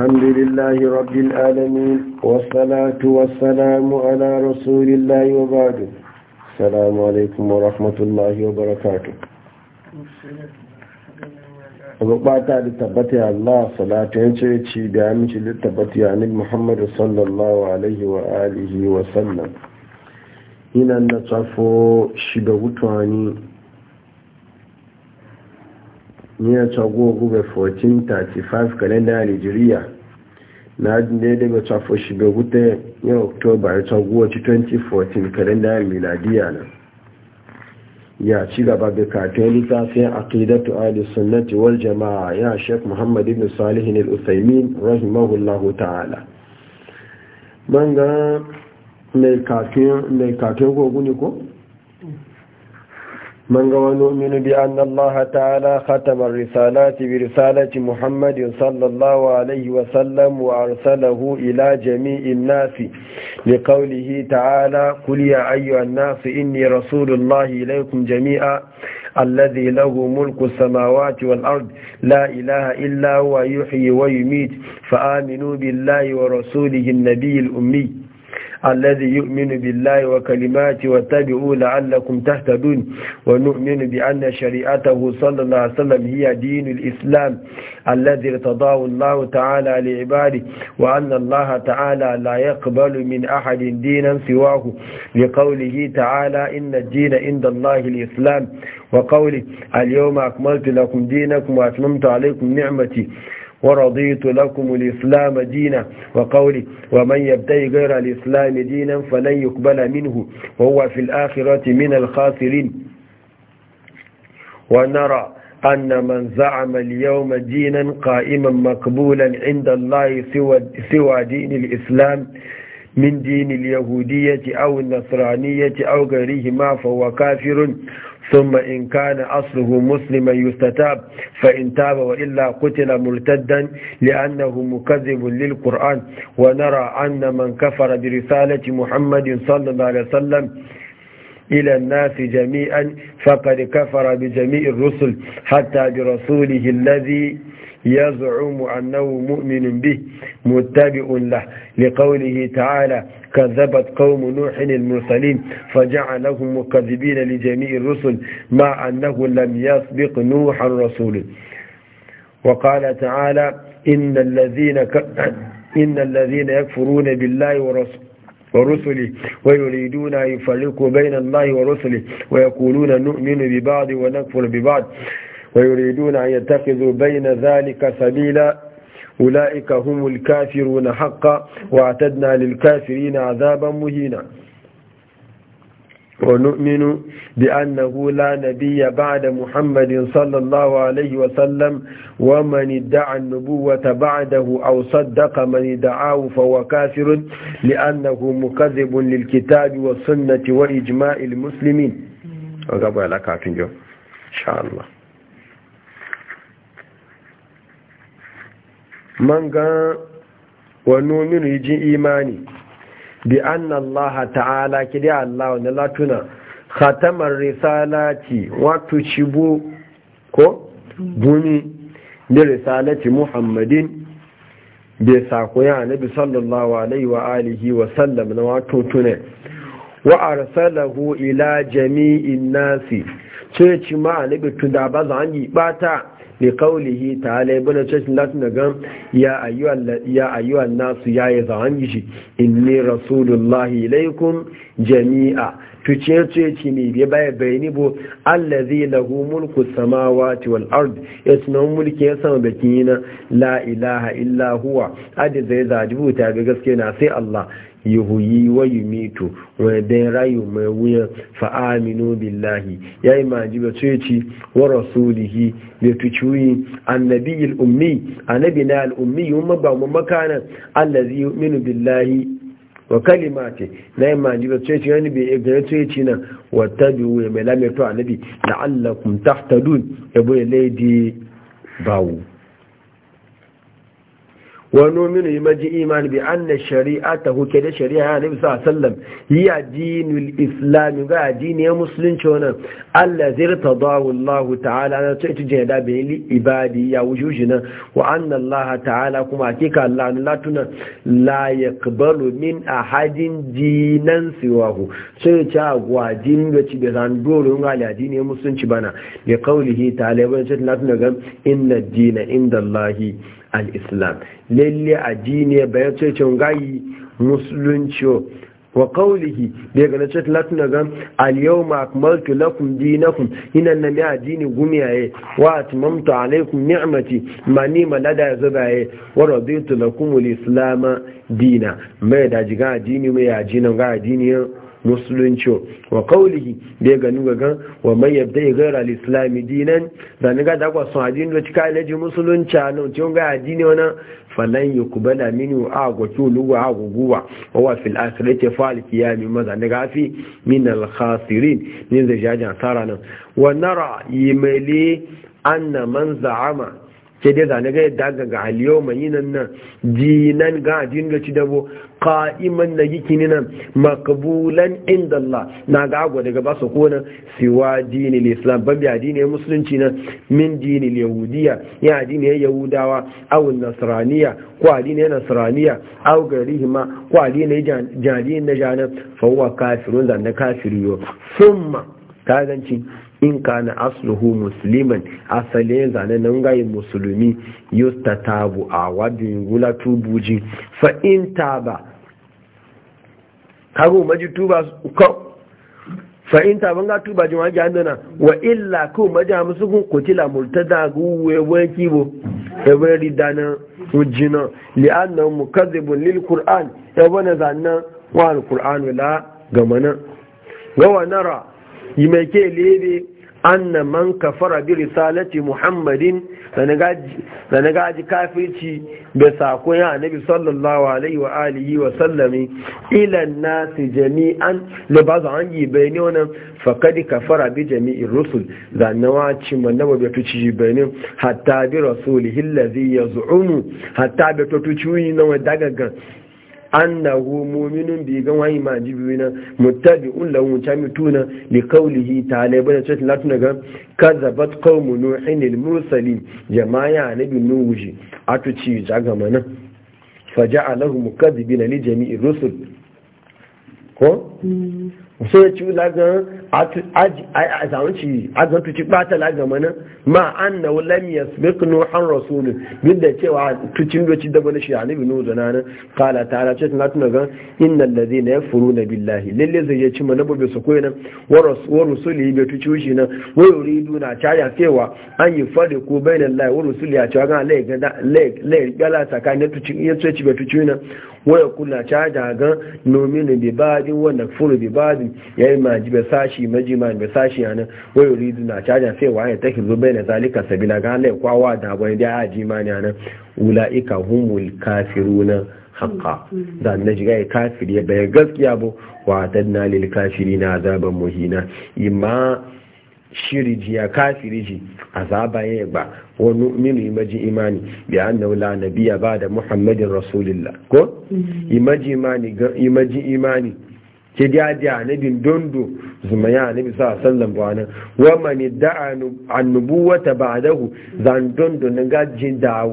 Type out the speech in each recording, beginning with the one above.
الحمد لله رب العالمين والصلاة والسلام على رسول الله وبعد السلام عليكم ورحمة الله وبركاته bukata da tabbata Allah salatu yace ci da aminci da tabbata ya nabi Muhammad sallallahu alaihi wa wa sallam ina na shi da wutani ni miya tsago gube 1435 kalenda a nigeria na daidai ga tsafo shi bai wuta oktoba ya tsago 2014 kalenda ya miladiya na ya ci gaba da katon littafin aqidatu ahli sunnati wal jama'a ya shek muhammad ibn salihin al-uthaymin rahimahullahu ta'ala banga mai katon gogu ne ko من ونؤمن بأن الله تعالى ختم الرسالات برسالة محمد صلى الله عليه وسلم وأرسله إلى جميع الناس لقوله تعالى قل يا أيها الناس إني رسول الله إليكم جميعا الذي له ملك السماوات والأرض لا إله إلا هو يحيي ويميت فآمنوا بالله ورسوله النبي الأمي الذي يؤمن بالله وكلماته واتبعوا لعلكم تهتدون ونؤمن بأن شريعته صلى الله عليه وسلم هي دين الإسلام الذي ارتضاه الله تعالى لعباده وأن الله تعالى لا يقبل من أحد دينا سواه لقوله تعالى إن الدين عند الله الإسلام وقوله اليوم أكملت لكم دينكم وأتممت عليكم نعمتي ورضيت لكم الإسلام دينا وقولي ومن يبتغي غير الإسلام دينا فلن يقبل منه وهو في الآخرة من الخاسرين ونرى أن من زعم اليوم دينا قائما مقبولا عند الله سوى, سوى دين الإسلام من دين اليهودية أو النصرانية أو غيرهما فهو كافر ثم إن كان أصله مسلما يستتاب فإن تاب وإلا قتل مرتدا لأنه مكذب للقرآن ونرى أن من كفر برسالة محمد صلى الله عليه وسلم إلى الناس جميعا فقد كفر بجميع الرسل حتى برسوله الذي يزعم أنه مؤمن به متبع له لقوله تعالى كذبت قوم نوح المرسلين فجعلهم مكذبين لجميع الرسل مع أنه لم يسبق نوحا الرسول وقال تعالى إن الذين ك... إن الذين يكفرون بالله ورسوله ورسله ويريدون أن يفرقوا بين الله ورسله ويقولون نؤمن ببعض ونكفر ببعض ويريدون أن يتخذوا بين ذلك سبيلا أولئك هم الكافرون حقا واعتدنا للكافرين عذابا مهينا ونؤمن بأنه لا نبي بعد محمد صلى الله عليه وسلم ومن ادعى النبوة بعده أو صدق من ادعاه فهو كافر لأنه مكذب للكتاب والسنة وإجماع المسلمين إن شاء الله man gan wani minu jin imani bi anna Allah ta'ala kidi Allah na latuna khatamar risalati wato cibo ko buni da risalati muhammadin bai sako ya nabi sallallahu alaihi wa alihi wa sallam na wato tunai wa arsalahu ila jami'in nasi ce ci ma nabi tunda ba za an yi bata li qawlihi ta'ala ibn chashin lati nagan ya ayyuhal ya ayyuhan nasu ya ya zawan yishi inni rasulullahi ilaykum jami'a to ce ce ya ne bai bai bayani bo allazi lahu mulku samawati wal ard yasna mulki ya sama bakina la ilaha illa huwa adi zai zajibu ta gaske na sai Allah yuhuyi wa yumitu wa dan rayu mai wuya fa aminu billahi yayi maji ba ci wa rasulihi bi tuchuyi annabi al ummi annabi na al ummi umma ba mu makana allazi yu'minu billahi wa kalimati yayi maji ba ci wani bi ce ci na wa tabi'u mai lameto annabi la'allakum tahtadun yabo lady bawo wani minu yi maji imani bi an na shari'a ta huke da shari'a ya nufi sa sallam yi addinul islami ga addini ya musulunci wani allah zai ta zawo allah ta'ala na ta ita jina dabi ne ibadi ya wuce wuce nan wa an allah ta'ala kuma kika allah na latuna la ya kabalu min a hadin dinan siwahu sai ta agwa addini da ci da zan doro yin hali addini ya musulunci bana da kaulihi ta'ala ya bane ta latuna ga inna dina inda allahi al-islam lalle addini bayan sai cin gayi musulunci wa kawulihi da ga ganace latin ga? al ma, akmaltu lakum dinakum inan na mi addini gumiyaye wa atmamtu alaikun ni'amati ma ni malada ya zubaye wa rabitu lakum al-islam dina mai da jiga addini mai addini ga addini musulunci wa kaulihi da ya gani ga gan wa mai yabda ya gara al'islami dinan da ni gada kwa sun hajji da cika ilaji musulunci a nan cikin ga ne wani falan ya kubala mini a gwaki oluwa a guguwa wa wa fil asirete ya mi maza ni gafi min alhasirin zai jajen asara nan wa nara yi mele an na man za'ama sai dai zane ga yadda ga aliyau mai yinan nan jinan ga ajin ga ci dabo ka'iman na yikini nan makabulan inda Allah na ga agwa daga basu kona siwa dini islam babi biya ya musulunci nan min dini yahudiya ya ya yahudawa au nasraniya ko dini nasraniya gari hima ko ya jadin na jana fa kafirun zane kafiriyo summa in kana asluhu musliman asali zane nan gayi musulmi ta tabu a wadin gula tubuji fa in taba kago maji tuba ko fa in taban ga tuba jin waje andana wa illa ko maji musu kun kutila murtada guwe wani kibo ebe ridana ujina li'anna mukazzibun lil qur'an ya e na zanna wa al qur'an la gamana gawa nara yi mai ke lebe anna man kafara bi risalati muhammadin da na gaji kafirci da sakon ya annabi sallallahu alaihi wa alihi wa sallami ilan nasi jami'an da ba su an yi bayani wannan fakadi kafara bi jami'in rusul da nawa ci manaba bai tuci bayanin hatta bi rasulihi ya yaz'umu hatta bai tuci na wadagagan annahu mu'minun bi ga wani ma jibi na muttabi'un lahu tamituna li qawlihi ta'ala ibn chat la tunaga kazabat qaumu nuhin al mursalin jama'a nabi nuhi atuci jaga mana faja'alahum kadhibina li jami'i rusul ko hmm. sai ci lagan a zamanci a zantuci ɓatala ga mana ma an na wulam ya smik nuhan rasulun duk da cewa tucin doci da wani shi hannu binu zana nan kala ta ala cikin hatuna gan inna lazi na ya furu na billahi lalle zai ci mana bobe su koyi nan wa rusuli bai tuci shi nan wa yuri duna caya cewa an yi fari ko bai na lai wa rusuli a cewa gan lai gala tsakanin tucin ya tuci bai tuci nan wa ya kula caya gan nominu bi badin wa nakfuru bi badin ya yi maji bai sashi sashi majima mai sashi yana wayo ridu na caja sai ya ta zo bai na zalika sabila ga Allah kwawa da bai da ya ji mani yana ulaika humul kafiruna haqqa da na shiga ya kafiri bai gaskiya ba wa tadna lil kafirina azaban muhina imma shiriji ya kafiriji azaba ya ba wani minu imaji imani bi annahu la nabiyya ba da muhammadin rasulillah ko mm-hmm. imaji imani imaji imani ke gadi nabin dondo zumaya nabi sa sallan ba nan wa wata ba da hu zan dondo na gaji da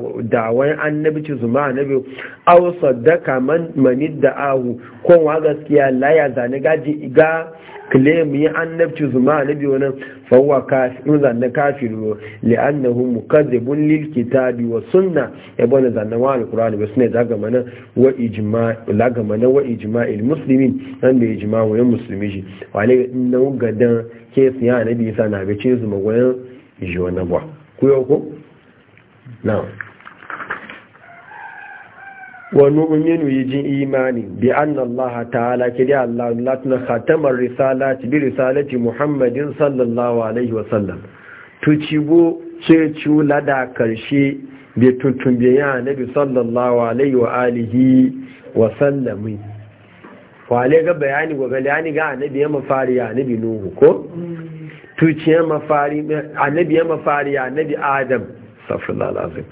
wani annabici zuma annabi aw saddaka ma ni da'ahu ahu kowa gaskiya laya zane gaji ga claim yi annabci zuma nabi wani فهو كافر ذن كافر لأنه مكذب للكتاب والسنة يبون ذن وعن القرآن والسنة لغمنا وإجماع لغمنا وإجماع المسلمين عند إجماع المسلمين وعليه إنه قد كيف يعني بيسانا بيشيز مغوين جوانا بوا كيوكو نعم wani umenu yi jin imani bi anna Allah ta'ala kiri Allah latin khatamar risalati bi risalati Muhammadin sallallahu alaihi wa wasallam tucibo ce cula da karshe bi tutumbe ya nabi sallallahu alaihi wa alihi Wa wale ga bayani ga bayani ga annabi ya mafari ya nuhu ko tuciya mafari annabi ya mafari ya annabi adam sallallahu alaihi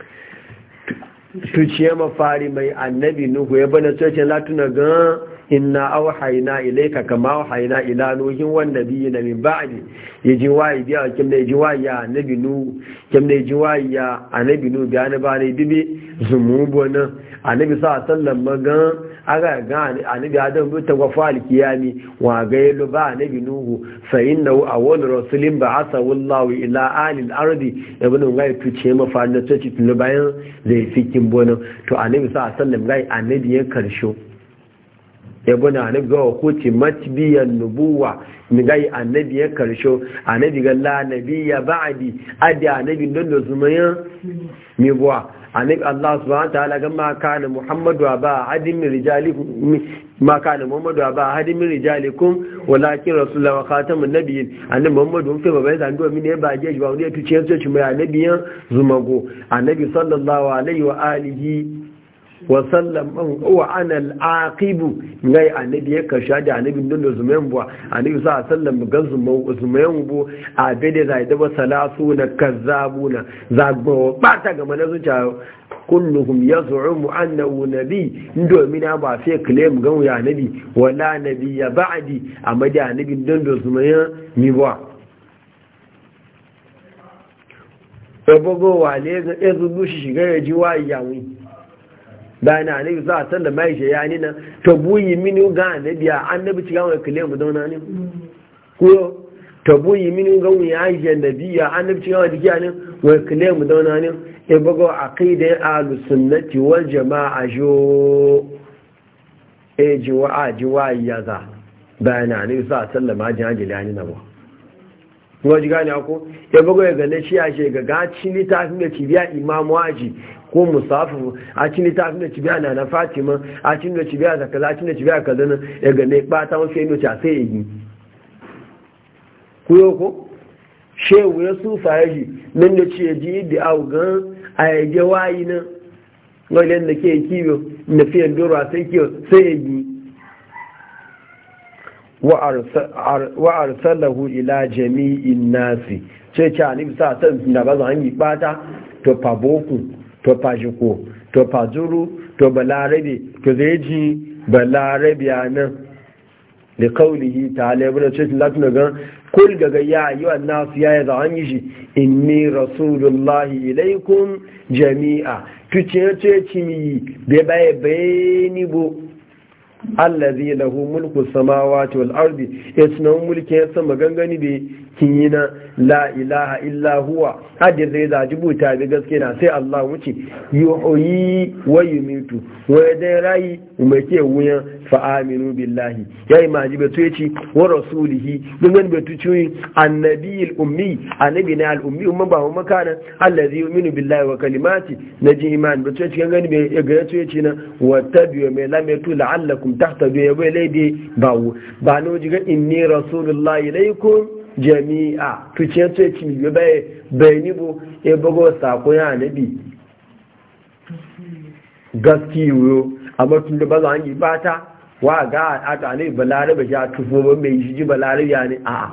tuciye mafari mai annabi nuhu ya bane cece latuna gan inna haina ilaika kama haina ila nuhin wan na, min ba'di yaji wayi biya kim da yaji wayi annabi nuhu kim da yaji wayi annabi nuhu biya ne bare dibi zumubona annabi sa sallan magan aga ga anabi adam bi tagwafa alkiyami wa ga yalo ba anabi nuhu fa innahu awwal rasulin ba'atha wallahu ila al ardi ibn ngai ce ma fa na tuce tun bayan zai fikin bono to anabi sa sallam gai anabi ya karsho ibn anabi ga ko ce matbiyan nubuwa mi gai anabi ya karsho anabi ga la nabiyya ba'di adi anabi don da zumayan mi bua anik Allah subhanahu ta'ala ga ma kana Muhammadu ba hadin rijalikum ma kana Muhammadu ba hadin rijalikum walakin rasulullah wa khatamun nabiyyin annabi Muhammadu fa ba bai zanduwa mini ba je ba wani ya tuce ya tuce mai annabiyan zumago annabi sallallahu alaihi wa alihi wasallam man huwa ana al-aqibu ngai annabi ya kasha da annabi din da zumayan buwa annabi sa sallam ga zumayan bu a bede za da salasu na kazzabuna ba bata ga mana zuciya kulluhum yaz'umu annahu nabi domin ba sai claim ga ya nabi wala nabi ya ba'di amma da annabi din da zumayan mi buwa ebogo wale ga ezubu shi shiga ya ji wa yawin bayan ne za a san da mai shi ya nina to buyi mini ga ne biya annabi ci gawa kile mu dauna ne ko to buyi mini ga mu ya yi da biya annabi ci gawa dikiya ne wa kile mu dauna ne e bago aqida ahlus sunnati wal jamaa jo e jiwa a jiwa yaza bayan ne za a san da ma jihadi yani na ba kuma ji gane ko e bago ya gane shi ya shi ga gaci ni ta fi da cibiya imamu aji ko musafi a cini ta da ci biya na na fatima a cini da ci biya da kaza a cini da ci biya kaza na ya gane ne ba ta wasu ino ta sai yi kuyo ko shehu ya su fahimci nan da ci yaji ji da au a yage wayi na wajen da ke kiwo na fiye dora sai kiwo sai ya yi wa arsalahu ila jami'in nasi ce ce a nifisa ta da ba za a yi bata to faboku to fashiko to fajuru to balarabe to zai ji balarabe a nan da yi ta cikin latin gan kul gaga ya yi wa nasu ya yi an yi shi inni rasulullahi ilaikun jami'a tuce ce cimi bai baye bayani bu allazi lahu mulku samawati wal ardi mulki mulkin sama gangani da kinyina la ilaha illa huwa hadda zai zaji buta bi gaske na sai Allah wuce oyi wa mutu, wai dai rai umake wuyan fa aminu billahi yayi maji betu yace wa rasulihi dungan betu ci annabiyil ummi annabi na al ummi umma ba umma kana allazi yu'minu billahi wa kalimati naji iman betu yace kan gani ga yace yace na wa tabi'u ma lam da la'allakum tahtadu ya bai laidi bawo ba no jiga inni rasulullahi ilaikum jami'a tuciyar tuye ne bai bayani bu ya bago sako ya nabi gaskiyo amma tun da ba za yi bata wa ga aka ne ba ya tufo ba mai shi ji balarabe ya ne a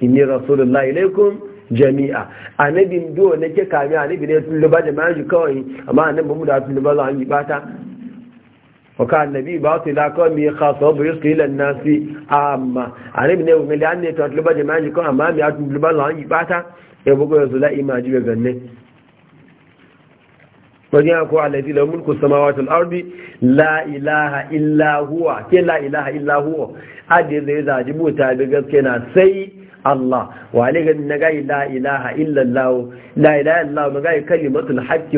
inni rasulullahi alaikum jami'a annabin do nake kame annabi ne tun da ba da maji kawai amma annabi mu da tun da ba za yi bata. وكان النبي باطل لكم خاصه برزق الى الناس اما علي بن ابي مليان ne ta tuluba jama'a mi atun tuluba la yi bata e bugo yanzu la imaji be ganne wajen ko alladhi lahu mulku samawati wal ardi zai zaji buta da gaske na sai Allah wa ne ga na gai la ilaha illallah la ilaha illallah na gai kalimatul haqq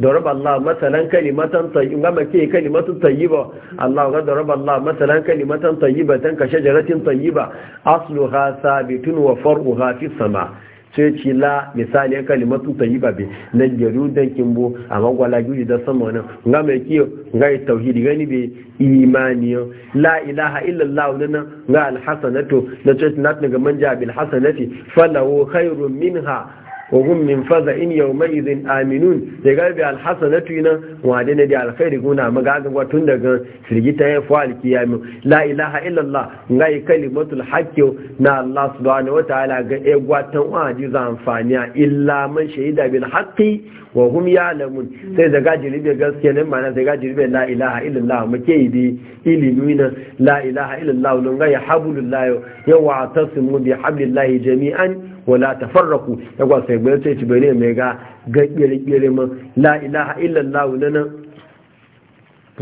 da rabb Allah masalan kalimatan tayyiba ga ke kalimatul tayyiba Allah ga rabb Allah masalan kalimatan tayyibatan ka shajaratin tayyiba asluha sabitun wa far'uha fi sama' sai ci la misali ya kalimatu ta bi na gyaru dan kimbo a magwala guri da sama nan nga mai kiyo nga yi tauhidi gani be imani la ilaha illallah nan nga alhasanatu na ce na ga manja bil hasanati falahu khairun minha وهم من فزع يومئذ da daga bi alhasanatu ina wade ne da alkhairi guna magagan watun daga firgita ya fa alkiyami la ilaha illallah ngai kalimatul hakki na Allah subhanahu wataala ga e gwatan waji za amfani illa man shahida bil haqqi wa hum ya'lamun sai daga jiribe gaskiya ne mana daga jiribe la ilaha illallah muke yi bi ilimi na la ilaha illallah ngai hablullahi yawa tasmu bi hablillahi jami'an wala tafarraku ya kwa sai bai sai ci ne mai ga ga kire ma la ilaha illa nan. nana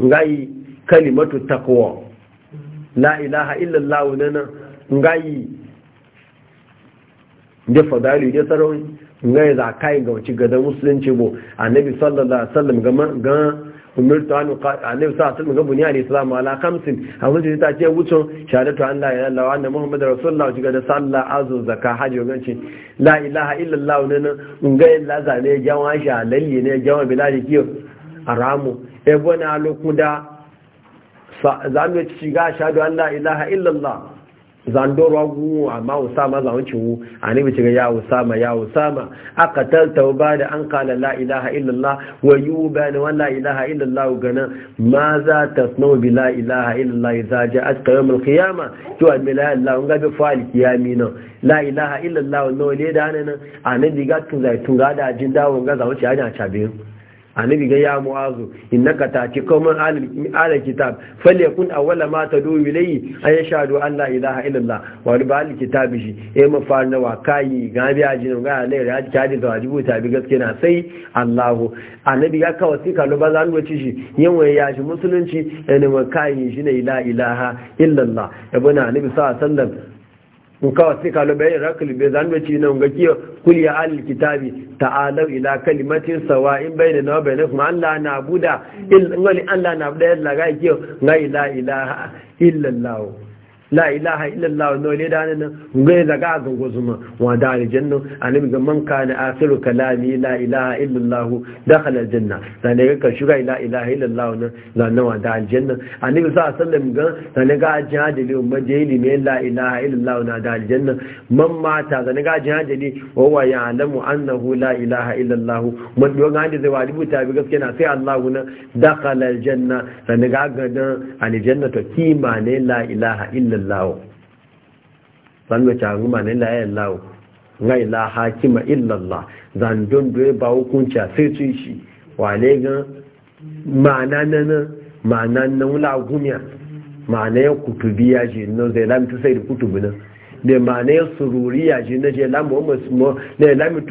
ngai kalimatu takwa la ilaha illa allah nana ngai da fadali da sarauni ngai zakai ga wacce ga da musulunci bo annabi sallallahu alaihi wasallam ga umirtu an uqati annabi sa sun ga buniyani islam ala khamsin amma sai ta ce wucin shahadatu an la ilaha illallah anna muhammadar rasulullah jiga da sallah azu zakka hajji ganci la ilaha illallah ne nan ga illa zane jawan sha lalle ne jawan bilali kiyo aramu e bona lokuda za mu ci ga shahadu an la ilaha illallah zandorwa gu amma usama za wuce wu bice ga ya usama ya usama aka ba da an kala la ilaha illallah wa yubana wa la ilaha illallah gana ma za tasnau bi la ilaha illallah za a a cikin al-qiyama to a la ilaha ga bi fa'al qiyami no la ilaha illallah nawa ne da nan annabi ga tun zai tun ga da jin dawo ga a ne a cabin annabi ga ya mu'azu innaka ci kaman alal kitab falyakun awwala ma tadu ilayhi ay shahadu an la ilaha illallah wa riba shi e ma farna wa kai ga biya ji ga ne ya kadi da wajibu ta bi gaske na sai Allahu. annabi ga ka wasika lo ba zan wuce shi yawan ya shi musulunci e ne ma kai shi ne la ilaha illallah ibn annabi sallallahu alaihi wasallam kawai sai kalu bayan rakul bai zan bace nan ga kiyo kul ya al kitabi ta'alu ila kalimatin sawa'in bainana wa bainakum alla na'budu illa Allah na'budu illa ga kiyo la ilaha illa Allah la ilaha illallah no le da nan ngai zaga zango zuma wa da aljanna annabi ga man kana asiru kalami la ilaha illallah dakhala aljanna dan ga ka shuga la ilaha illallah nan dan wa da aljanna annabi sa sallam ga dan ga jihadili umma jeli ne la ilaha illallah na da aljanna man mata dan ga jihadili wa wa ya'lamu annahu la ilaha illallah man do ga da zai wadi buta bi gaskiya na sai Allah na dakhala aljanna dan ga ga aljanna to kima ne la ilaha illallah illahu zan ga caru ma ne la illahu ga ila hakima illallah zan don doye ba hukunci sai tun shi wa ne ga ma'ana na ma'ana nan wula gumiya ma'ana ya kutubi ya ji nan zai lamta sai da kutubi nan da ma'ana ya sururi ya ji na je lamu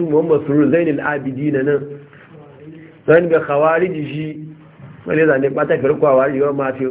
muhammad sururi ne abidi na nan zan ga khawariji shi wani zane ɓata karkwa wa riwa mafi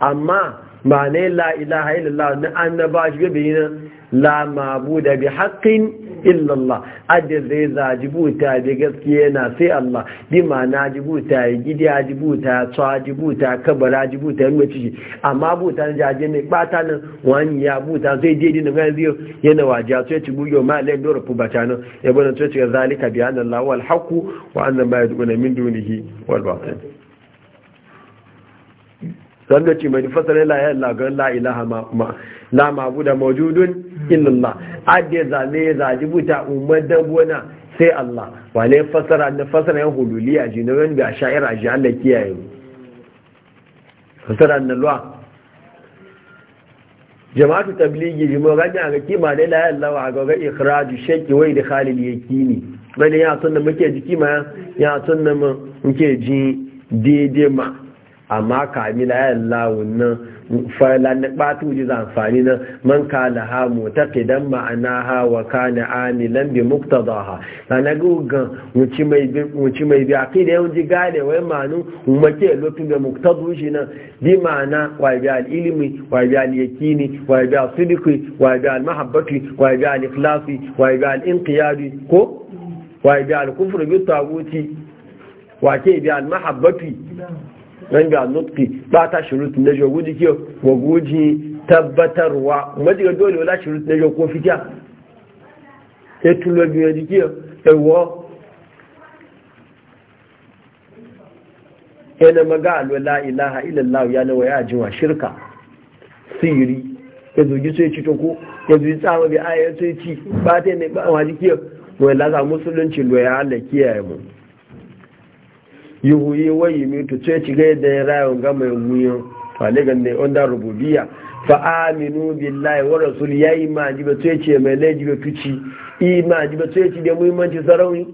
amma ba ne la ilaha illallah na annaba shi gabe yin la mabuda bi haqqin illallah adda zai zajibuta da gaskiya na sai Allah bi ma'ana jibuta ya gidi ya jibuta tsawa jibuta kabara jibuta ya mace amma buta na jaje ne bata nan wani ya buta sai daidai na gani zai yana wajiya sai ci buyo ma lai dora fu nan ya bana sai ga zalika bi anna Allah wal haqu wa anna ma yaduna min dunihi wal batil sanda ce mai fasara la ya la gan la ilaha ma la mabuda mawjudun illallah adde ya zaji buta umar bona sai Allah wale fasara na fasara yan hululiya ji na wani ga sha'ira ji Allah kiyaye fasara na luwa jama'atu tabligi ji mu ganya ga kima da la lawa wa ga ga ikhraju shaki wai da khalil yakini bane ya sunna muke ji kima ya sunna muke ji daidai ma amma kamila ya lawun nan fala na batu ji zamfani nan man kala ha mutaqidan ma'ana ha wa kana amilan bi muqtadaha sana gugan wuci mai bi wuci mai bi akida yau ji gane wai manu umake lotu da muqtadu shi nan bi ma'ana wa bi al ilmi wa bi al yakini wa bi al sidqi wa bi al mahabbati wa bi al ikhlasi wa bi al inqiyadi ko wa bi al kufri bi taguti wa ke bi al mahabbati ranga nutki ba ta ne na jogu jike wa guji tabbatarwa majiga dole wala shirut na jogu ko fita e ya tulo biyu jike ewo yana e maga alwala ilaha illallah ya nawa ya jiwa shirka siri e ya zoji sai ci toko ya zi tsawo bi aya sai ci ba ta ne ba wa jike wala za musulunci loya ya kiyaye mu yuhuyi wa yumitu ce ci ga da ya rayu ga mai muyan faligan ne onda rububiya fa aminu billahi wa rasul ya ji ba ce ce mai laji ba tuci imani ba ce ce da muhimmanci sarauni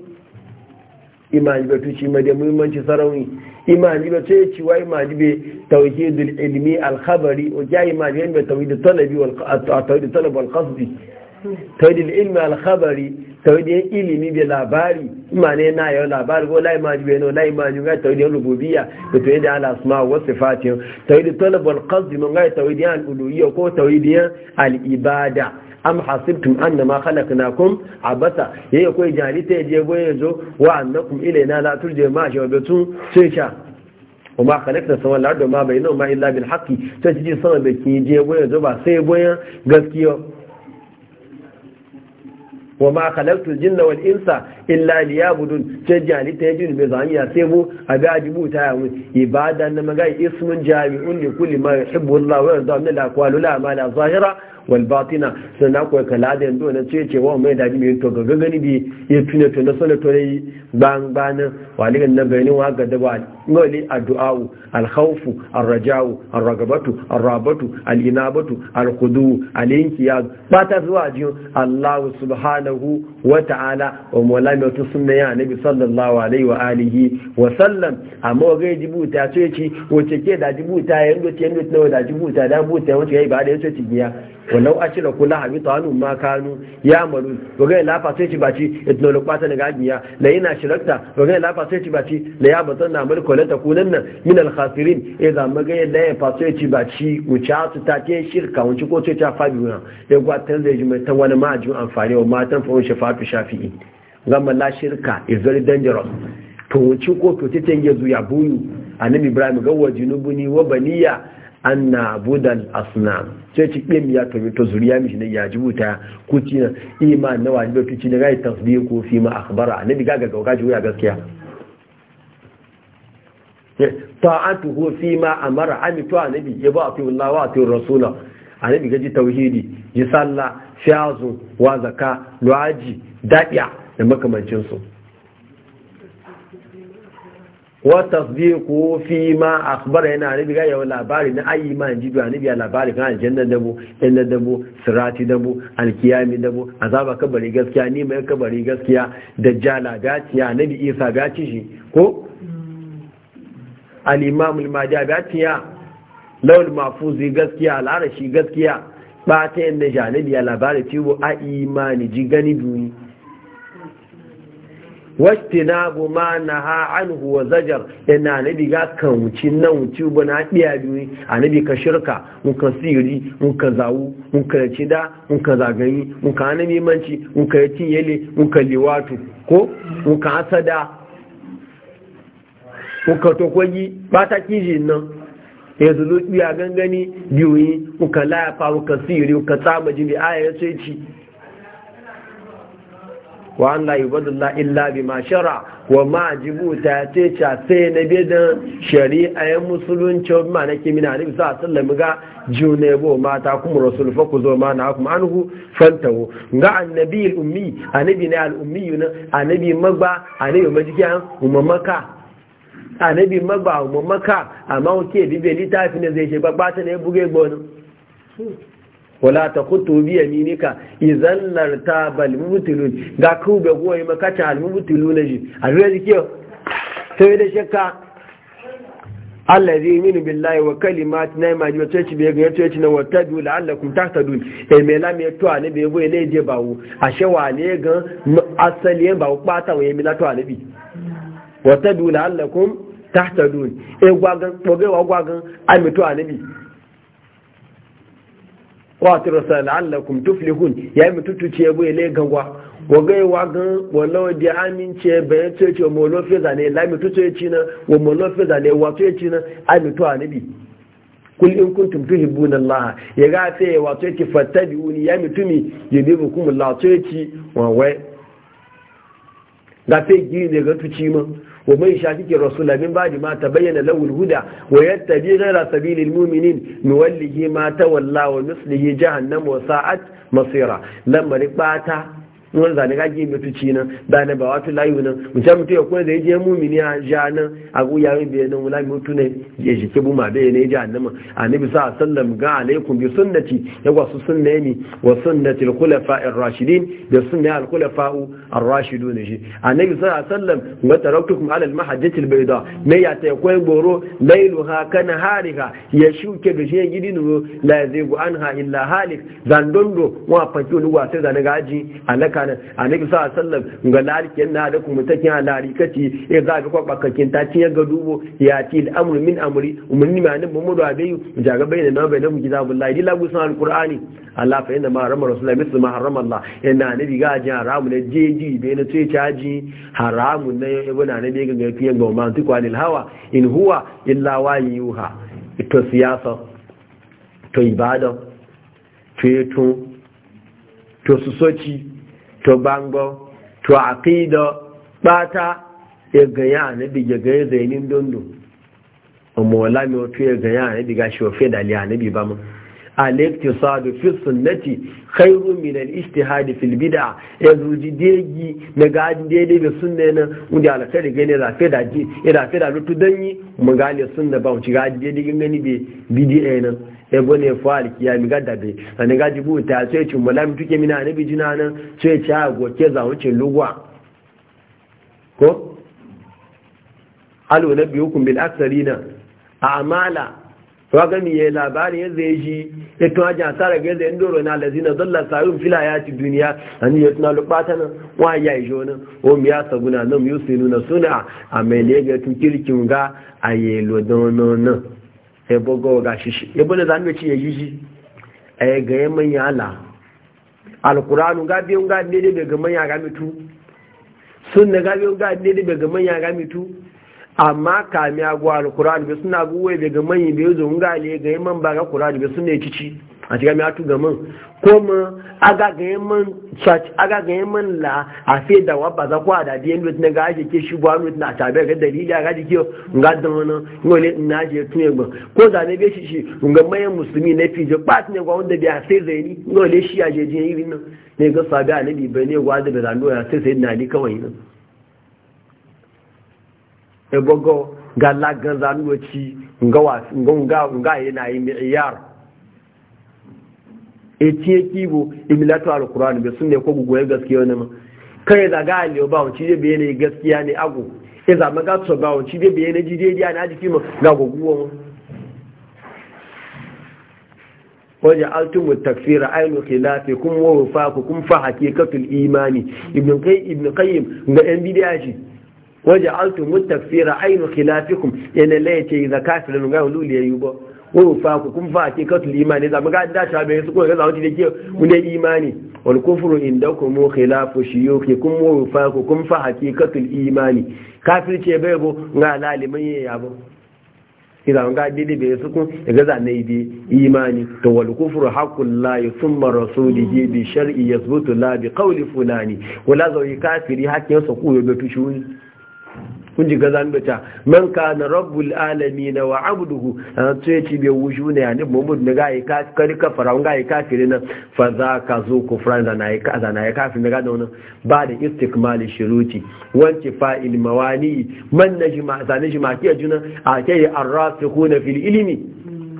imani ba tuci ma da muhimmanci sarauni imani ba ce ce wa ji be tauhidul ilmi al khabari wa ya yi ma tauhidul talabi wal tauhidul talab wal qasdi tauhidul ilmi al khabari taudiyar ilimi da labari ma ne na yau labari ko lai maju bai no lai maju ga taudiyar rububiya da taudiyar da ala asma wa sifati taudiyar talabar qasdi mun ga taudiyar al-uluhiyya ko taudiyar al-ibada am hasibtum annama khalaqnakum abasa yayi ko jari ta je go yazo wa annakum ilaina la turja ma shawabatun sai sha وما خلقنا السماء والارض وما بينهما الا بالحق sama da بكي je go yazo ba sai goyen gaskiya wa ma al jinna wal insa illa liyabudun ce jani ta yi bai zan ya sai mu a ga jibu ta ya mu ibada na magai ismun jami'un li kulli ma yuhibbu Allah wa yarda min al-aqwali la ma la zahira walbatina batina sannan ko kala da ndo na ce ce wa mai daji mai to gaga gani bi ya tuna to na sanar to yi ban ban waligan na gani wa ga da ba ngoli addu'a al khawfu ar raja'u ar ragabatu ar rabatu al inabatu al khudu al inqiyad ba ta zuwa jiyo Allah subhanahu wa ta'ala wa mai mutu sunna ya nabi sallallahu alaihi wa alihi wa sallam amma ga jibuta ce ce wace ke da jibuta ya ndo ce ndo da jibuta da buta wace ya da ya ce giya walau a cire kula habita hannu ma kanu ya malu wagai lafa sai ci baci idna lukwata na gajiya na yana shirakta lafa sai ci baci na ya batan na mulku ta kunan nan min alhasirin khasirin e da magai ya fa sai ci baci wuca su ta ke shirka wuci ko sai ta fabi wuna ya gwatan zai ji mai ta wani ma'ajin amfani wa matan fa wuce fatu shafi'i gama la shirka is very dangerous to wuci ko to titan ya zuya buyu annabi ibrahim gawa ni wa baniya an budal asnam sai ci ɗin ya tobe to zuriya mishi ne ya ji buta ko ci na iman na wajibi to ci na gai tasdiq ko fi ma akhbara na diga ga gauka ji wuya gaskiya ko eh, fi ma amara ami to annabi ya ba fi wallahi wa fi rasula annabi gaji tauhidi ji sallah fiazu wa zaka luaji daɗiya da makamancinsu. watasdiqu fi ma akhbara yana nabi ga yau labari na ayi ma ji da nabi labari kan aljanna dabu inna dabu sirati dabu alkiyami dabu azaba kabari gaskiya ni mai kabari gaskiya dajjala gaciya nabi isa gaci shi ko hmm. al-imam gaciya laul mafuzi gaskiya al'arashi gaskiya ba ta inda janibi labari tiwo a imani ji gani duniya wastina bu ma na ha an huwa zajar yana nabi ga kan wuci nan wuci ba na ɗiya biyu a nabi ka shirka in ka siri in ka zawu in ka ci da in ka zagayi in ka na mimanci in ka yi yale in ka liwatu ko in ka asada in ka tokwaji ba ta kiji nan ya zulu biya gangani biyu in ka layafa in ka siri in ka tsama jini a ya ce ci wa an la yubadullah illa bima shara wa ma jibu ta ce ta sai na bidan shari'a ya musulunci ma na ke mina ne sa sallam ga june bo mata kuma rasul fa ku zo ma na kuma anhu fantawo ga annabi al ummi annabi na al ummi na annabi magba annabi majiya umamaka annabi magba umamaka amma ke bibe litafi ne zai ce babata ne buge gbonin wala ta kutu biya minika izan larta ba balmubutulun ga kube goyi makacin almubutulu na shi a zuwa jike sai da shakka Allah zai mini billahi wa kalimat na yi majiwa ta ci bai ya ci na wata biyu la'alla kun ta tadu e mai lami ya tuwa ne bai goyi laije e bawu a shawa ne gan asali yan bawu ɓata wa ya e na tuwa ne bi wata biyu la'alla kun ta tadu e gwagan ɓogewa gwagan a mai tuwa ne bi wa tursa la'allakum tuflihun yayi mututuce yabo ile gangwa wagai wagan walau da amince bayan ce ce molo feza ne la mutuce ci na wa molo feza ne wa ce ci na ai mutu anabi kul in kuntum tuhibbuna allaha ya ga ce wa ce ki fattabi'uni ya mutumi yubibukum allah ce ci wa wai ga ce gini ne ga tuci mun ومن يشاكك الرسول من بعد ما تبين له الهدى ويتبع غير سبيل المؤمنين نوله ما تولى ومثله جهنم وساعت مصيرا لما رقباتا wani zane gaji mutuci nan da na ba wato layu nan mutum mutu ya kuma da yaje mumini a ja nan a guya yi biya nan wula mutu ne ya shi kibu ma bai ne ja annama annabi sa sallam ga alaikum bi sunnati ya wasu sunna ne wa sunnati al-khulafa ar-rashidin da sunna al-khulafa ar-rashidun shi annabi sa sallam wa taraktukum ala al-mahajjati al-bayda ne ya ta koyi goro layluha kana hariha ya shuke da shi gidinu la zai gu anha illa halik zandondo wa fakki wani sai zane gaji alaka mutanen a sallallahu sa sallam ga lalikin na da kuma takin larikati ya za ga kakin ta cin ga dubo ya ti al'amru min amri umanni ma nan mu da bayu ga bayin na bayin mu kitabullahi dilla gusan alqur'ani Allah fa inna ma harama rasulullahi mislu ma harama Allah inna nabi ga ji haramu ne jeji be na tuye caji haramu ne ibn annabi ga ga fiye ga ma tuqanil hawa in huwa illa yuha. ito siyasa to ibada to yeto to sosoci to bango to aqido bata ya gaya ne diga ganya zainin dondo amma wala mi wato ya gaya ne ga shofe da liya ne bi ba mu al fi sunnati khairu min al-ijtihad fi al-bid'a yanzu ji deji na ga daidai da sunna nan wanda alkhairi gane da fe da ji da fe da lutu danyi mu ne sunna ba mu ci ga daidai gani bi bid'a na ebo ne fa alkiya mi ga dabe sanin ga jibu ta sai ci mulam tuke mina anabi jina nan sai ci ha goke za wuce lugwa ko alu nabi hukum bil A a'mala wa ga mi yayi labarin yadda ya shi ya tuna jan sara ga yadda indoro na na lazina dalla sayun fil hayati duniya. an ya tuna lubata nan wa ya yi ijo nan o mi ya sabuna nan yusinuna suna amele ga tun kirkin ga a yi donon nan bugo ga shishi yabo da zamu ci yi shi eh ga yamman ya Allah alqur'anu ga biyo ga ne da ga manya ga mitu sunna ga biyo ga ne da ga manya ga mitu amma kamiya go alqur'anu bi sunna guwe we ga manyi bi zo ga le ga yamman ba ga bai bi sunna cici a shiga mai hatu gaman kuma agagayen man la a fe da wabba za kuwa da biyan lutu na ga ake ke shi buwa lutu na tabi ga dalili a gaji ke nga da wani ngole na je tun egba ko za ne shi shi nga mayan musulmi na fi je pat ne gwa wanda biya sai zai ni ngole shi a je je irin nan ne ga sabi a nabi bai ne gwa da bai zando ya sai sai na ni kawai nan ebogo ga lagan zanuwa ci nga yana yi mai iyar e tiye kibo imilatu alkur'ani bai sunne ko gugu gugoye gaskiya wani ma kai da ga aliyo ba wanci zai bayyana gaskiya ne ago ya zama ga to ba wanci zai bayyana jidediya na jiki ma ga guguwa mu waje altumu takfira ainu khilafi kun wa wafaku kuma fa hakikatul imani ibn kai ibn qayyim ga yan bidiya shi waje altumu takfira ainu kuma yana laye ce zakafirun ga luliyayyu ba ko fa ku kun fa ke katul imani za mu ga da sha bai su ko ga zawuti da ke mu ne imani wal kufru indakum khilafu shuyukikum wa fa ku kun fa hakikatul imani ce bai go ga lalimin yabo Iza idan ga dide bai suku daga zane bi imani to wal kufru haqqul la thumma rasulihi bi shar'i yathbutu la bi qawli fulani wala zawi kafiri hakkin sa ku yobe tushuni kun ji gaza mai man ka na rabbul alamin wa abduhu an ce ci be wushu ne ani muhammad ne ga ka kari ka faraun ga ka kire nan fa za ka zo ku fara da na ka da na ka fi ga don ba da istikmal shuruti wanti fa'il mawani man najma za najma ke juna a ke arrasikhuna fil ilmi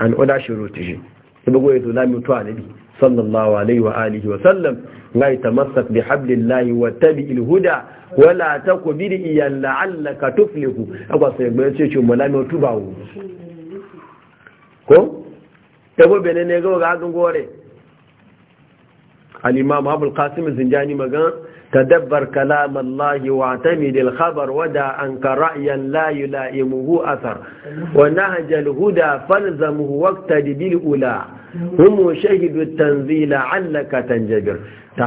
an oda shurutihi ibugo yato lami to bi. sallallahu alaihi wa alihi wa sallam ngai tamassak bi hablillahi wa tabi'il huda wala ta ku bi da iyan la'allaka tuflihu a kwasa igbe ce ce mula mai otu ba wu ko? ta gobe ne ne gawa ga agin gore al'imam abul qasim zinjani magana. ta dabbar kalam Allahi wa ta mi khabar wada an ka ra'ayin layu la'imuhu asar wa na hajjal huda falzamu wakta dibil ula Humu shahidu tanzila allaka tanjabir ta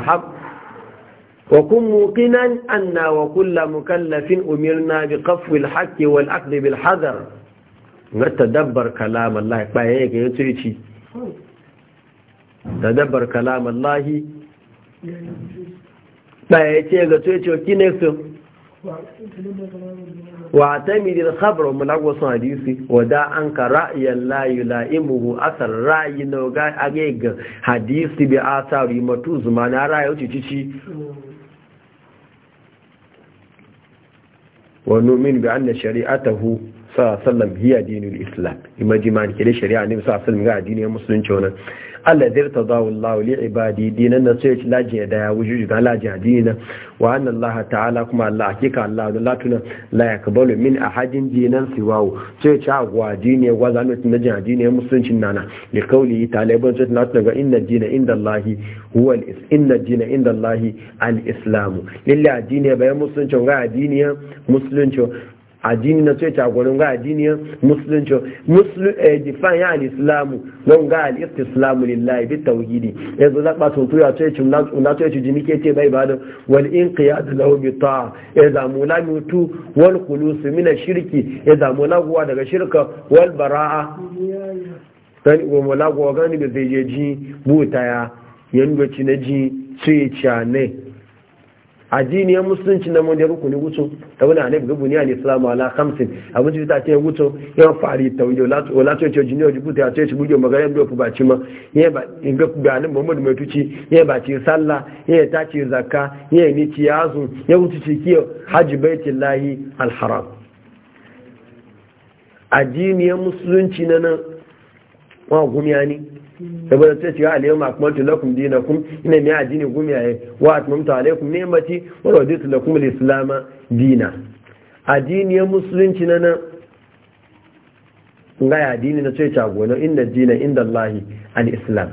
وكن موقنا أن وكل مكلف أمرنا بقفو الحق والأقل بالحذر نتدبر كلام الله بايك يتويتي تدبر كلام الله بايك يتريتي وكينكسو واعتمد الخبر من أقوى صحيح ودا أنك رأي لا يلائمه أثر رأي نوغا أغيق حديثي بآثار يمتوز ما نرى يتريتي ونؤمن بأن شريعته sa sallam hiya dinul islam imaji ma ke da shari'a ne sa sallam ga addinin musulunci wannan Allah zai ta dawo Allah li ibadi dinan nan sai ya je da ya wujuju da la je addinin wa anna Allah ta'ala kuma Allah hakika Allah la tuna la yakbalu min ahadin dinan siwawo sai ta gwa addini gwa zanu tun da addinin musulunci nana li kauli ta'ala ban sai na tuna ga inna dinan inda Allah huwa al inna dinan inda Allah al islam lillahi addini bayan musulunci ga addinin musulunci addini na tsoye tagonin ga addiniyar musulunci eh, define ya al'islamu don ga al'islamu lillahi bi ya yanzu zaɓa sun tura tsoye ci na tsoye ci jini ke ce bai ba da wani in kiya da lahobi ta ya zamu mutu wal kulusu mina shirki ya zamu laguwa daga shirka wal bara'a dan wa laguwa gani da zai je ji buta ya yanzu ci na ji tsoye ci ne addiniyar musulunci na mun da rukuni wuce ta wani annabi ga buniya ne islamu ala hamsin a da ta ce wuce yawan fari tawhid wala to ce jiniyar jibuta ya ce shi buge magaran dofu ba ci ma ya ga ganin muhammadu mai tuci ya ba ci sallah ya ta ce zakka ya ni ci yazu ya wuce ci kiyo hajji lahi alharam addiniyar musulunci na nan wa gumiya ne saboda sai cewa kuma akmaltu lakum dinakum ina mai ajini gumi yayi wa atmamtu alaykum ni'mati wa raditu lakum al-islam dina addini ya musulunci na nan nga ya addini na sai cago na inna dina inda Allah al-islam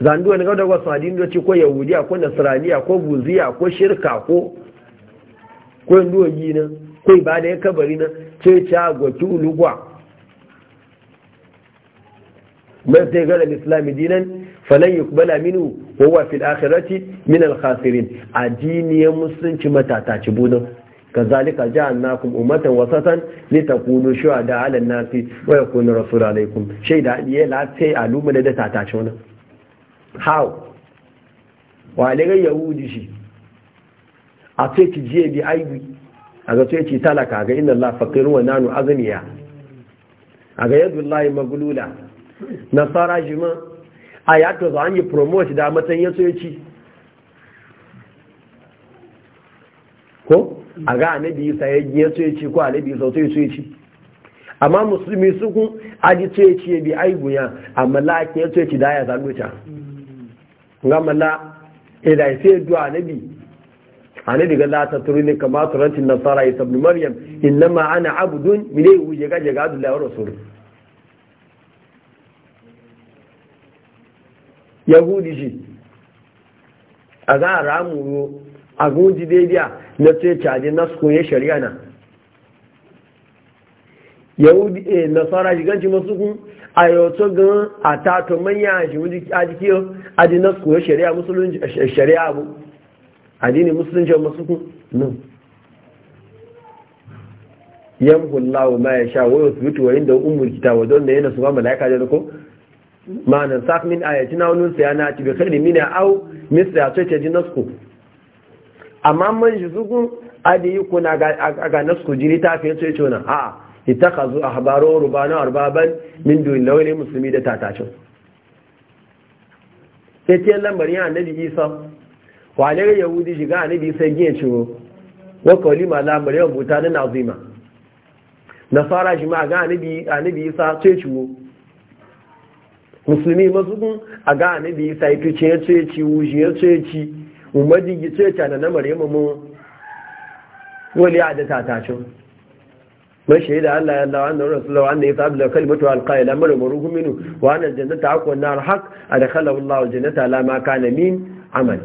zanduwa ne kawai wasu addini da ce ko yahudiya ko nasraniya ko buziya ko shirka ko ko yanduwa yi na ko ibada ya kabari na sai cago ki ulugwa من تغير الإسلام دينا فلن يقبل منه وهو في الآخرة من الخاسرين أديني مسلم كما تعتبونه كذلك جعلناكم أمة وسطا لتكونوا شهداء على الناس ويكون الرسول عليكم شيء دعني لا تي علوم لدى تعتبونه how wale yahudi شيء a جيه بأيوي je تلك aibi a ga ce ki talaka ga inna Allah faqirun nasara shi ma a ya to za an yi promote da matan ya so ya ci ko a ga anabi isa ya so ya ci ko anabi isa so ya so ya ci amma musulmi su kun aji so ya ci ya bi aigunya amma la'akin ya so ya ci da ya zaluta ga mala idan e sai duwa anabi ani ga la ta turu ne kama turantin nasara isa ibn maryam ma ana abdun mine wuje gaje ga abdullahi wa yahudi shi a za a ramuro a guji na ce caji na su ya shari'a na yahudi eh nasara shiganci masu kun a yawato gan a tato manya shi a jiki a di na su ya shari'a musulunci eh, eh, shari'a abu addini musulunci masu kun no yamhullahu ma ya sha su yuthbitu wa inda ummul kita, wa don da yana su ba malaika da ko ma nan saf min ayatina wa nusyana ti bi khairin mina aw misra to ce jinasku amma man shi zugu yi kuna ga ga nasku jini ta fi to ce nan a ittakhazu ahbaru rubana arbaban min dun lawli muslimi da tatacin sai ce lambarin yana annabi Isa wa ne yahudi shiga annabi Isa giye ciwo wa kalima lambarin buta na azima nasara shi ma ga annabi annabi Isa ce ciwo musulmi mazubin a ga anabi isa ya tuce ya ce ci wuce ya ce ci umarji ya ce ta da na maryama mu wali a da tatacin man da Allah ya Allah annabi rasulullah wanda ya sabu da kalmatu alqaila mar maruhu minhu wa anna jannata aqwa nar haq adkhala Allah jannata la ma kana min amal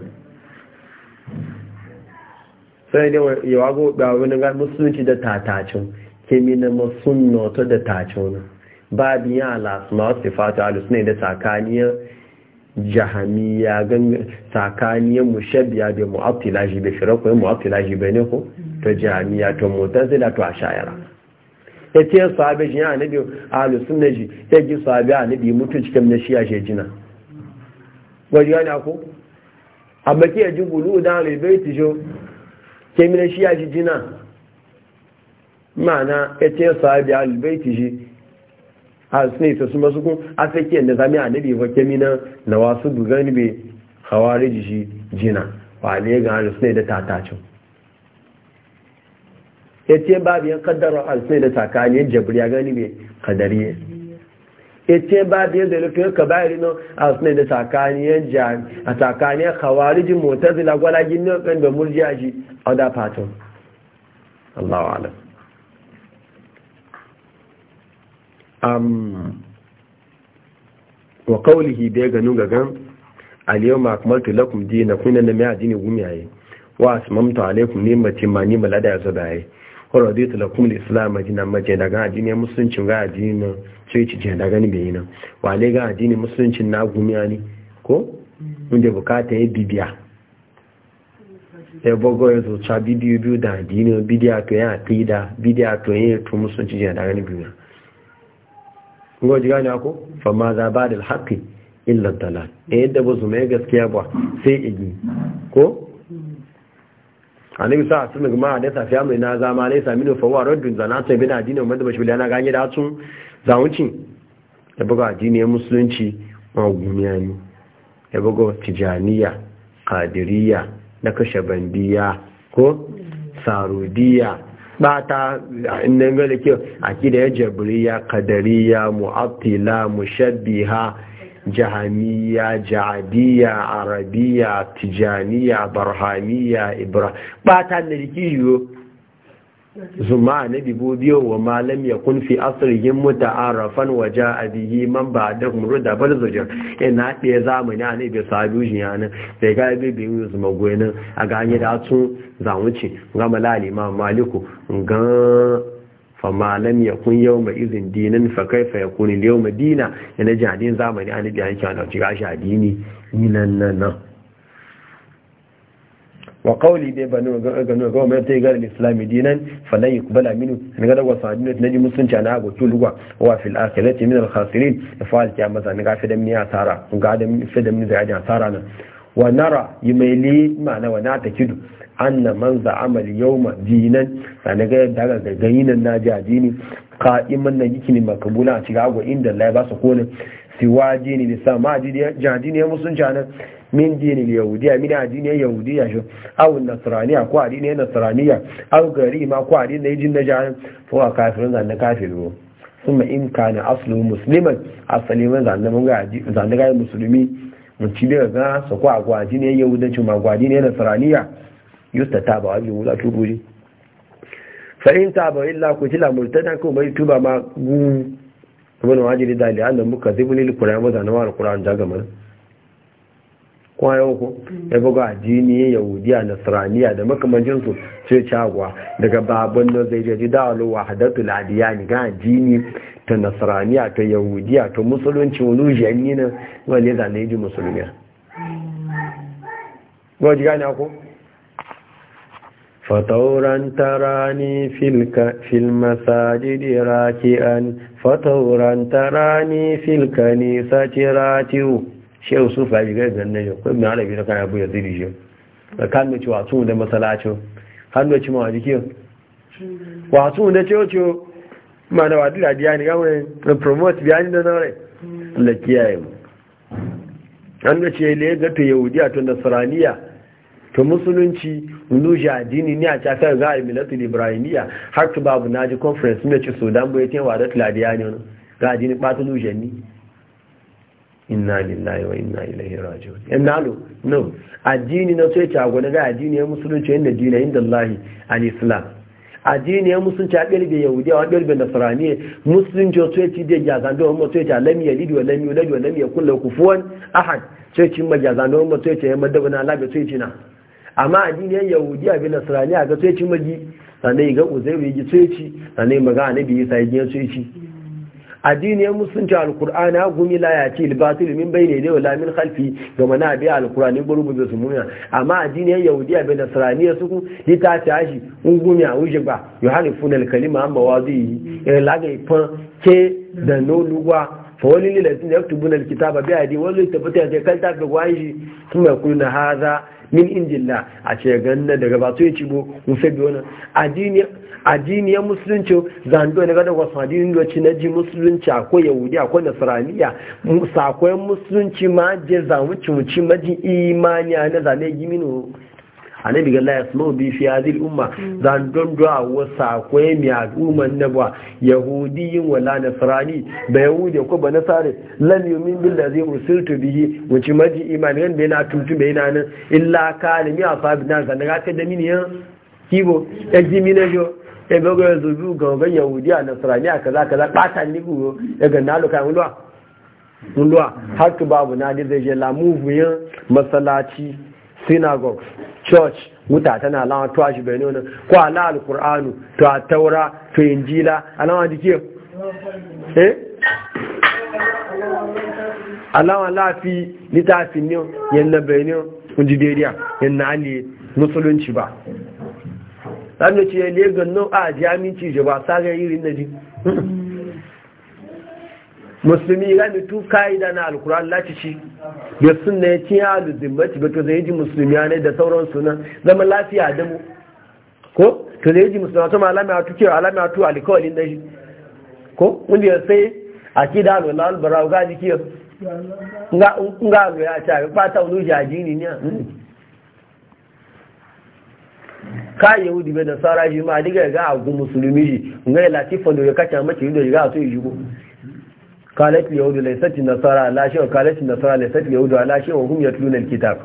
sai ne yawa ga wani ga musulunci da tatacin kemi na masunno to da tacin babu ya alasma wasu fata alusuna da tsakaniyar jahamiya gangan tsakaniyar mushabbiya da mu'abtila shi bai shirar kuwa mu'abtila shi bai ne ko mm. to jahamiya to mutazila to a shayara ya ce sahabe shi ya anabi na ji, ya ji na anabi mutu cikin na shiya shi jina gwaji gani ko baki ya ji bulu da ti shi kemi na shiya shi jina ma'ana ya ce sahabe alibaiti shi hasne ta su masu kun a tsakiyar yadda zami a nabi wa kemina na wasu dugani bai hawari jishi jina ba ne ga hasne da tatacin ya ce biyan kaddara a hasne da yadda jabir ya gani bai kadari ya ce lufin ka zalifin kabari a hasne da takaniyar jami a ya hawari jin motar zila gwalagin nan da murjiya shi a da fatan Allah wa'alam wa kaulihi da ya ganu gagan aliyoma akmaltu lakum dinakum inna ma yadini gumiyaye wa asmamtu alaikum nimati ma ni malada ya zadaye wa raditu lakum alislam dinan maje daga addini musulunci ga addini sai ci je bai yi bayina wa ne ga addini musulunci na gumiya ni ko inda bukata ya bibiya ya bogo ya zuca bidiyo biyu da addini bidiya to ya aqida bidiya to ya to musulunci je daga gani biyu ngo ji gane ko fa ma za ba da haqqi illa dalal eh da ba su mai gaskiya ba sai igi ko annabi sa sun ga ma da safiya mai na zama ne sami no fa wa raddun zana ta bin da wanda ba da bila na gani da su zawunci da buga addini musulunci ma gumiya ne da buga tijaniya qadiriya na kashabandiya ko sarudiya bata inda ga da kyau ya jabriya kadariya Mu'abtila, mushabbiha jahamiya ja'adiyya arabiya tijaniya barhamiya ibra bata da rikiyo zuma annabi biyo wa malam ya kun fi asrihim muta'arafan waje a bihi man da kumuru da bal zujar ina eh, ɗaya zamani a bai sahabi shi yana da ga bi yi zuma goyenin a ganye da tun zamuci ga malali ma maliku ga fa malam ya kun yawma izin dinan fa ya kuni yau yawma dina ina jihadin zamani a ya kana ci ga shi dini ni nan nan wa qawli bi banu gano ga mai tayi gar islam dinan falan yuqbala minhu ne ga wasu hadin na ji musulunci na go tuluwa wa fil akhirati min al khasirin fa'al kiyama zan ga fi da min asara ga da fi da min zai asara nan wa nara yumaili ma'ana wa na takidu anna man za'ama al-yawma dinan sanan ga daga gagayinan naji ajini qa'iman nan yiki ne makabula a cikin inda Allah ya ba su kone siwaji ne ne sa ma ajini ya musun janan min dinin yahudiya min addinin yahudiya shi aw nasraniya ko addinin nasraniya aw garima ko addinin yajin najahan fa kafirin zan kafiru kuma in kana aslu musliman asali man zan mun ga zan ga musulmi mun ci da ga ko agwaji ne yahudanci ma agwaji ne nasraniya yusta ta ba wajin wula tuburi fa in ta ba illa kutila murtadan ko bai tuba ma gun wani wajiri da li'anna muka zibulil qur'an wa zanawa al-qur'an daga mana kwayo ku mm. ya bugu addini yahudiya nasraniya da makamancinsu ce cagwa daga babban nan zai jaji hadatu Ladiya, ne ga addini ta nasraniya ta yahudiya ta musulunci wani jani nan wale da ne ji musulmiya gwaji mm. ne ku فتورا تراني في, في المساجد راكئا ne تراني في الكنيسة راتئا shehu sufa ya shiga ganin yau ko mai arabi na kan abu ya ziri shi da kan mace wasu da masalacin har mace ma jiki wasu da wace ma da wadi da biya ne gawai na promote biya ne da naure da kiyaye mu an da ce le ga to yahudiya to nasraniya to musulunci a dini ne a cakar ga milatul ibrahimiya har to babu naji conference ne ce sudan bai tin wadatul adiyani ga addini ba ta a ni inna lillahi wa inna ilaihi raji'un inna lo no addini na sai ta gona ga addini ya musulunci inda dina inda Allah al-islam addini ya musulunci a dalbe yahudiya wa dalbe nasrani musulunci sai ci da jazan da umma sai ta lam yalid wa lam yulad wa lam yakul lahu kufuwan ahad sai ci ma jazan da umma sai ta yamma da na Allah sai ci na amma addini ya yahudiya bi nasrani ga sai ci maji sannan ga uzairu ji sai ci sannan maga annabi sai ji sai ci addinin musulunci alkur'ani ha gumi la ya ce min bayne da wala min khalfi ga mana bi alkur'ani burubu da su muna amma addinin yahudiya bai da saraniya su ku lita ta shi un gumi a wuje ba yuhalifun kalima amma wazi ga ipon ke da no luwa fa wani lilatin da yaktubun alkitaba bi adi wani tabbata ya kan ta ga kuma kullu hadha min indillah a ce ganna daga ba to ya ci mun sai addinin addiniyar musulunci zando ne da wasu addinin doci na ji musulunci akwai yahudi akwai nasiraniya sakwai musulunci ma je zamuci muci maji imaniya na zane gimino a ga Allah ya ma bi fi azil umma mm. zan don do a wasa ko mi na ba yahudiyin wala nasrani ba yahudi ko ba bin da zai billazi to bihi wuci maji imani yadda yana na tutu bai na nan illa kana a asabina zan ga ka da mini yan kibo ya ji mina jo sai bai gwaya su ga wagan yahudi a nasarani a kaza kaza ɓata ni guro daga e na luka wuluwa wuluwa haka babu na ne zai je lamu buyin masalaci synagogues church wuta tana lawa tuwa shi bai nuna ko ala alkur'anu to a taura to injila alama jike eh alama lafi littafin ne yalla bai ne kun ji daidai yan musulunci ba sami ce ya legan nan a jami'ci ji ba sa irin na ji musulmi rami tu ka'ida na alkuran lacici da suna ya ciye a luzimbati ba to zai ji musulmi ne da sauran suna zama lafiya da mu ko to zai ji musulmi to malami a tuke alami a tu alikawalin na shi ko wanda ya sai a ki da alwala albara ga jikiyar nga alwala ya ce a ta wani jaji ne ne ka yahudi bai da sara shi ma diga ga agu musulmi shi ngai latifa da kacha mace da ga so yi go kalat yahudu laysat nasara la shi wa kalat nasara laysat yahudu la shi wa hum yatluna alkitab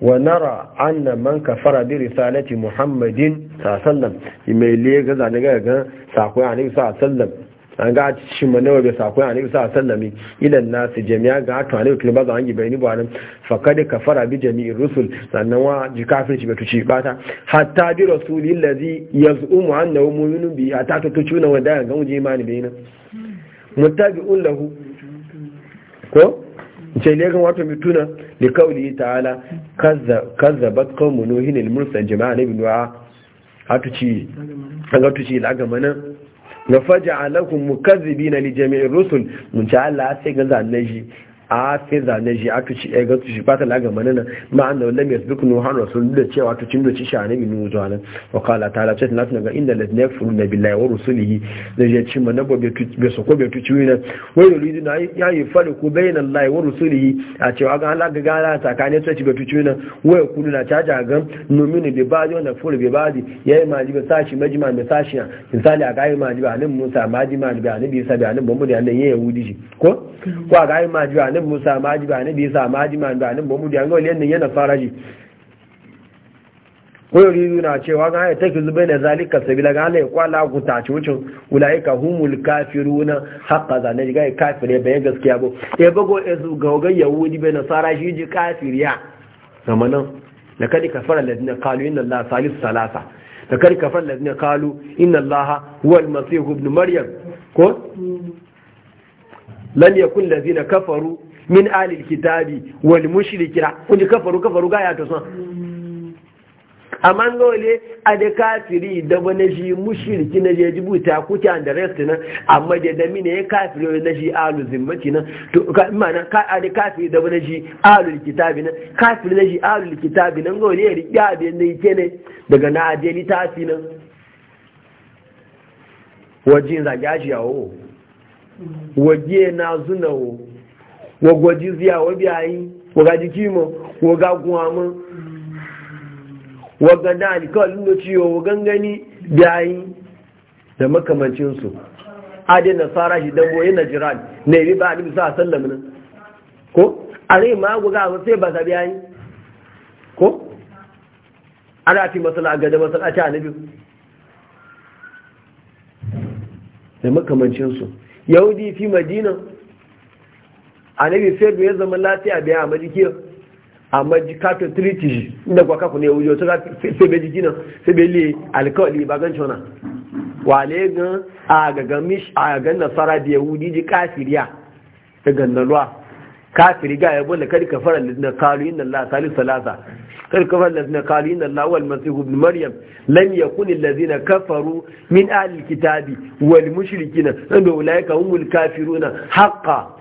wa nara anna man kafara bi risalati muhammadin sallallahu alaihi wasallam mai le ga zane ga ga sako ya ne sallallahu alaihi wasallam an ga shi nawa bai sako ya nabi sallallahu alaihi idan na su jami'a ga haka ne kuma ba an yi bayani ba nan ka kafara bi jami'i rusul sannan wa ji kafirci bai tuci bata hatta bi rasuli allazi yaz'umu annahu mu'minun bi hatta to tucuna wanda ga muje imani bai nan muttabi'un lahu ko ce ne ga wato mituna li qawli ta'ala kazzabat qawmun nuhin al-mursal jama'a nabi wa hatuci an ga tuci lagamanan لفجع لكم مكذبين لجميع الرسل من شاء الله أسيقا ذا a fi zane shi a tuci ya eh, gasu shi fata laga manana ma'an da wallan ya zuku nu har rasul da cewa ta cin doci shi anabi nu zuwa nan wa qala ta'ala ce na ga inda da ne furu na billahi wa rusulihi da ya ci mana gobe tu be so gobe tu wai da lidu na ya yi fari ko bayin Allah wa rusulihi a cewa ga Allah ga gara tsakanin su ci be tuci wina wai kudu na caja ga numinu bi badi wa nafur bi badi yayi majiba sashi majma mai sashi misali a ga yi majiba nan Musa ma majima bi anin Isa bi da Muhammad anin yayi wudi shi ko ko a gayi yi majiba ne mu sama ji ba ne bi sama ji ma ba ne bo mu dan gole nan yana faraji ko yori na cewa ga ya take zube ne zalika sabila ga ne kwala ku ta ci wucin ulaika humul kafiruna haqa zan ga kafire bai gaskiya bo e bago e zu ga ga yahudi bai na faraji ji kafiriya kamar nan da kadi kafara ladina qalu inna allaha salis salasa da kadi kafara ladina qalu inna allaha huwal masih ibn maryam ko lan yakun ladina kafaru min alil kitabi wal mushrikina kun ji kafaru kafaru ga ya to san amma ngole a da kafiri da wani shi mushriki na je jibuta ta da rest nan amma da da mine ya kafiri na shi alu zimmati nan to ma'ana ka a da kafiri da wani shi alu kitabi nan kafiri na shi alu kitabi nan ngole ya riya da ne ne daga na ta fi nan wajen zagashi yawo waje na zunawo wọ́gbọ́ jíziya wọ́bí ayé wọ́gá jíkí mọ̀ wọ́gá gun àmọ́ wọ́gá dá àdìkọ́ lílo tí yóò gangani bí ayé da makamancinsu na sára shi dabo yana jiran na yi ba alibi a sallam nan ko a rai ma guga a sai ba sabi yayi ko ana fi masala a gada masala ta annabi da makamancinsu yahudi fi madina anabi fedu ya zama lafiya biya a majiki a majikato triti inda kwaka ku ne wujo suka sebe jikina sebe le alkawali ba gan cona le gan a gaga mish a gan nasara da yahudi ji kafiriya ta gannalwa kafiri ga yabo da kadi kafara na kalu inna allah salis salasa kadi kafara na kalu inna allah wal masihu ibn maryam lam yakun allazina kafaru min ahli alkitabi wal mushrikin inda ulaika humul kafiruna haqqan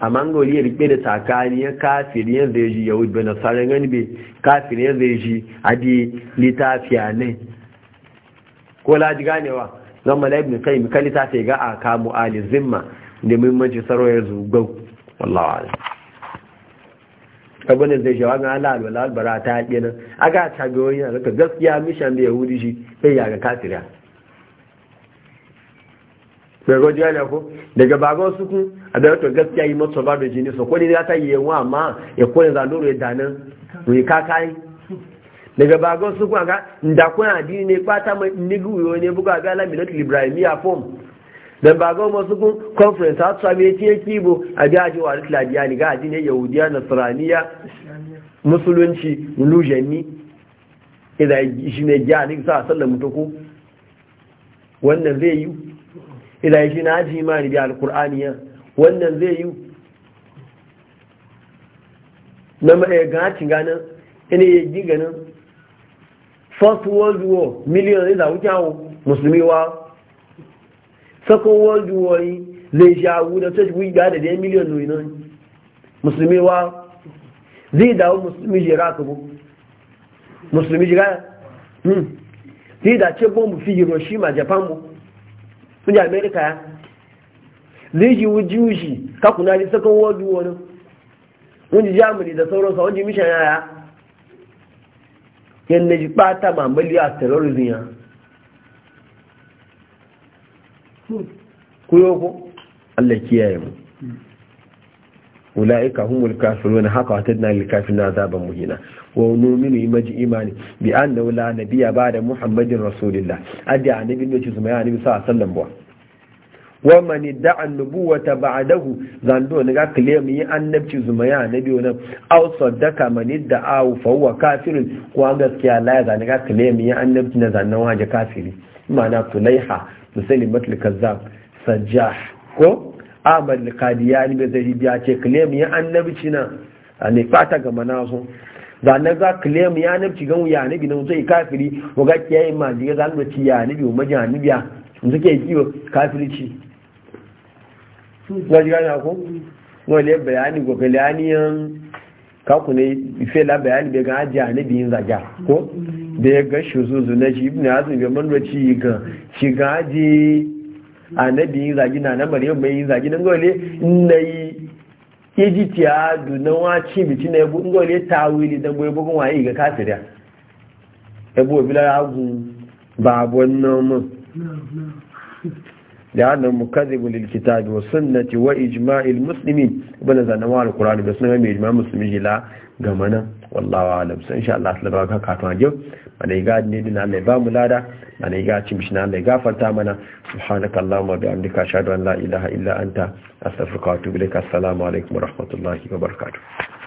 amma ga wani rike da tsakaniyar kafiriyar da ya ji yahud bai nasarar gani bai kafin da zai ji di litafiya ne ko laji ganewa zan mala ibn kai mika litafiya ga a kamu ali zimma da muhimmanci ya zugau wallawa ala abin da zai shawa ga ala alwala albara ta haƙe nan aga ta ga wani a gaskiya mishan da yahudi shi kai ya ga kafiriya sai ga jiya ko daga bagon suku a da wato gaskiya yi masu ba da jini so ko ne za ta yi yawa amma ya koyi zanuru ya danin mai kakayi daga bagon suku a ga kuna addini ne kwata mai uyo ne buga ga laminat libraimiya form da bagon masu kun conference a tsawo ya ce kibo a biya ji wari ladiya ni ga addini yahudiya nasiraniya musulunci lujani idan shi ne gya ne sa sallar mutuku wannan zai yi ila shi na ji imani bi alkur'aniya wannan zai yi na mai eh, gacin ganin ina yi giganin first world war miliyan zai ila wujawo musulmi wa second world war yi zai sha wuda ta shi wuga da dai miliyan nan musulmi wa zai dawo musulmi jira ka bu musulmi jira hmm. zai da ce bombu fi hiroshima japan bu sun ji amerika ya zai ji wuji shi kakuna ji sakan wadu wani wunji germany da sauransa wunji mishan yaya na ji bata mamali a terrorism ya hmm. kuyo ko allah kiyaye mu ulaika humul kafiruna haka watadna lil kafirin azaban muhina wa nu'minu imaji imani bi anna la nabiyya ba'da muhammadin rasulillah adi annabi ne ci zuma ya annabi sallallahu alaihi wasallam wa man da'a nubuwata ba'dahu zando ne ga claim yi annabci zuma ya annabi wannan aw saddaka man idda'a fa huwa kafirun ko gaskiya la ya ga claim yi annabci na zannan waje kafiri ma'ana tulaiha musalimatul kazzab sajjah ko ahmad al ya bai zai biya ce claim ya annabci na a ne fata ga manasu zane za claim ya annabci gan ya annabi na zai kafiri waga kiyaye ma jiya za da ci ya annabi umma ji annabi ya suke kiwo ci wajen gani ko ya bayani gogalianiyan kaku ne la bayani bai gan ajiya ne yin zaga ko da ya ga shi zuzu na shi ibn azumi bai manwaci ga ci, ga ajiye annabi yi zagi na na maryam mai yi zagi na gole na yi egypt ya du na wacin biti na ebu gole ta wili don goyi bugun waye ga kafirya ebu obila ya gu babu wannan mun da annan mu kaze bu lil kitabi wa sunnati wa ijma'il muslimin ibn zanawa al qur'an da sunan mai ijma'il muslimin jila ga mana wallahi alam san insha Allah sai baraka ka tawaje bane ga ne dinan mai ba mu lada a yi ga ci mishina mai gafarta mana subhanaka allahumma bi amdika ashhadu an la ilaha illa anta astaghfiruka wa atubu ilaik assalamu alaikum wa rahmatullahi wa barakatuh